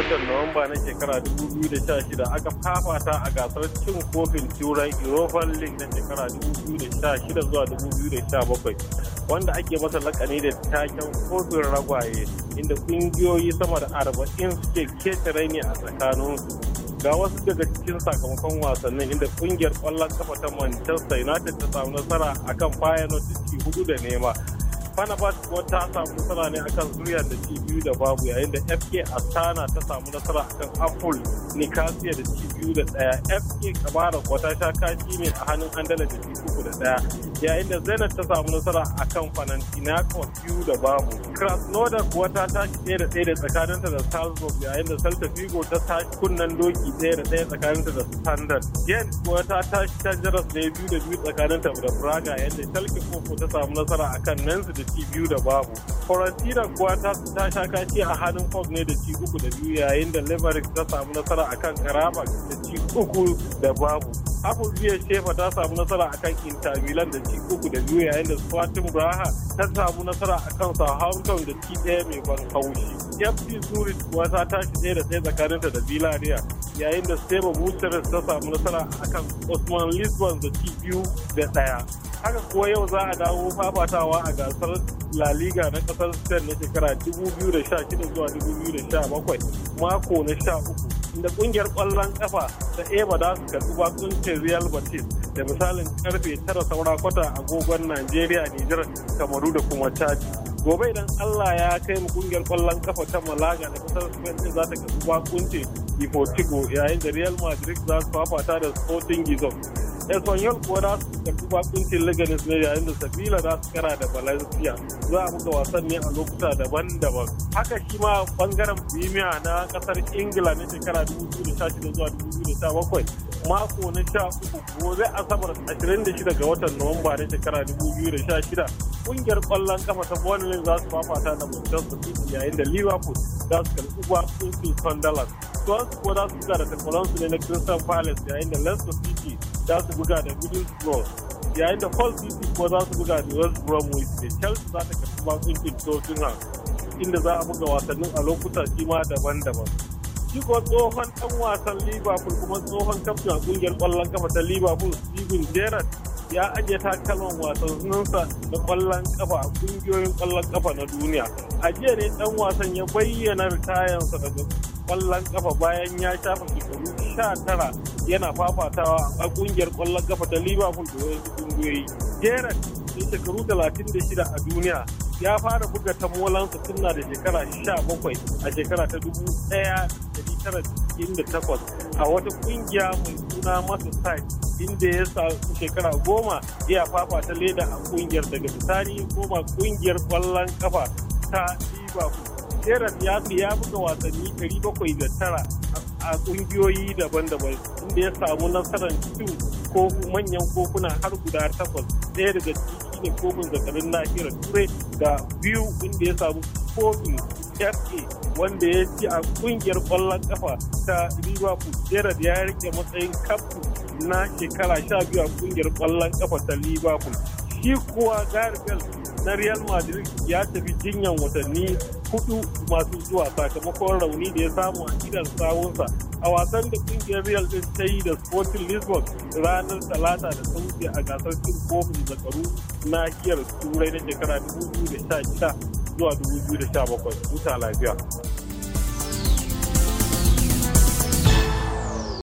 watan Nuwamba na shekara 2016 aka fafata a gasar cin kofin turai European League na shekara 2016 zuwa 2017 wanda ake masa lakani da taken kofin ragwaye inda kungiyoyi sama da arba'in suke keta ne a tsakanin ga wasu daga cikin sakamakon wasannin inda kungiyar kwallon kafa ta manchester united ta samu nasara akan feyenoord da hudu da nema Fenerbahce kuma ta samu nasara ne akan zuriyar da ke biyu da babu yayin da FK Astana ta samu nasara akan Apple nikasiya da ci biyu da ɗaya fa kamara wata sha kashi ne a hannun andala da ci uku da ɗaya yayin da zainab ta samu nasara a kan fanantinakos biyu da babu krasnodar kuwa ta tashi ɗaya da ɗaya da tsakaninta da salzburg yayin da celta vigo ta tashi kunnan doki ɗaya da ɗaya tsakaninta da standard gent kuwa ta tashi ta jaras da biyu da biyu tsakaninta da braga yadda shalke koko ta samu nasara a kan nansu da ci biyu da babu farantina kuwa ta sha kashi a hannun fog ne da ci uku da biyu yayin da limerick ta samu nasara nasara akan karaba da ci uku da babu biyar Shefa ta samu nasara akan Inter Milan da ci uku da biyu yayin da fatin Braha ta samu nasara a kan Southampton da ci ɗaya mai ban haushi. FC Zurich kuwa ta tashi ɗaya da ɗaya tsakaninta da bilaria yayin da Steva Bucharest ta samu nasara a kan Osman Lisbon da ci biyu da ɗaya. Haka kuwa yau za a dawo fafatawa a gasar La Liga na kasar Spain na shekara 2016 zuwa 2017 mako na 13 da kungiyar kwallon kafa ta eba da su karbi bakuncin real batis da misalin karfe tara saura kwata agogon nigeria nijar kamaru da kuma chad gobe idan allah ya kai mu kungiyar kwallon kafa ta malaga da kasar spain za ta karbi bakuncin ifotigo yayin da real madrid za su fafata da sporting gizon espanyol kuwa za su tafi bakuncin leganes ne yayin da sabila za su kara da valencia za a buga wasan ne a lokuta daban-daban haka shi ma bangaren premier na kasar ingila na shekara 2016 zuwa 2017 mako na sha uku gobe asabar 26 ga watan nuwamba na shekara 2016 kungiyar kwallon kafa ta Burnley za su fafata da su City yayin da Liverpool za su karɓi bakuncin Sunderland Swans kuwa za su buga da su ne na Crystal Palace yayin da Leicester City za su buga da Middlesbrough yayin da Hull City kuma za su buga da West Bromwich da Chelsea za ta su bakuncin Tottenham inda za a buga wasannin a lokuta kima daban-daban. Shi kuwa tsohon ɗan wasan Liverpool kuma tsohon kaftin a ƙungiyar ƙwallon kafa ta Liverpool Steven Gerrard ya ajiye ta takalman wasanninsa na kwallon kafa a kungiyoyin kwallon kafa na duniya. A ne dan wasan ya bayyana ritayansa daga kwallon kafa bayan ya shafa shekaru sha tara yana fafatawa a kungiyar kwallon kafa ta liverpool da wasu kungiyoyi jerat da shekaru talatin da shida a duniya ya fara buga tamolansa molansa da shekara sha bakwai a shekara ta dubu ɗaya da tara da takwas a wata kungiya mai suna masa side inda ya sa shekara goma ya fafata leda a kungiyar daga bisani goma kungiyar kwallon kafa ta liverpool teras ya fi ya buga wasanni tara a kungiyoyi daban-daban inda ya samu nasarar cin ko manyan kofuna har guda takwas ɗaya daga ciki ne kofin zakarin nahiyar turai da biyu inda ya samu kofin fa wanda ya ci a kungiyar kwallon kafa ta liverpool gerard ya rike matsayin kaftin na shekara 12 a kungiyar kwallon kafa ta liverpool shi kuwa garibel na real madrid ya tafi jinyan watanni hudu masu zuwa sakamakon rauni da ya samu a gidan sawunsa a wasan da kungiyar real din ta yi da sporting lisbon ranar talata da ta a gasar cin kofin zakaru na nahiyar turai na shekara 2016 zuwa 2017 huta lafiya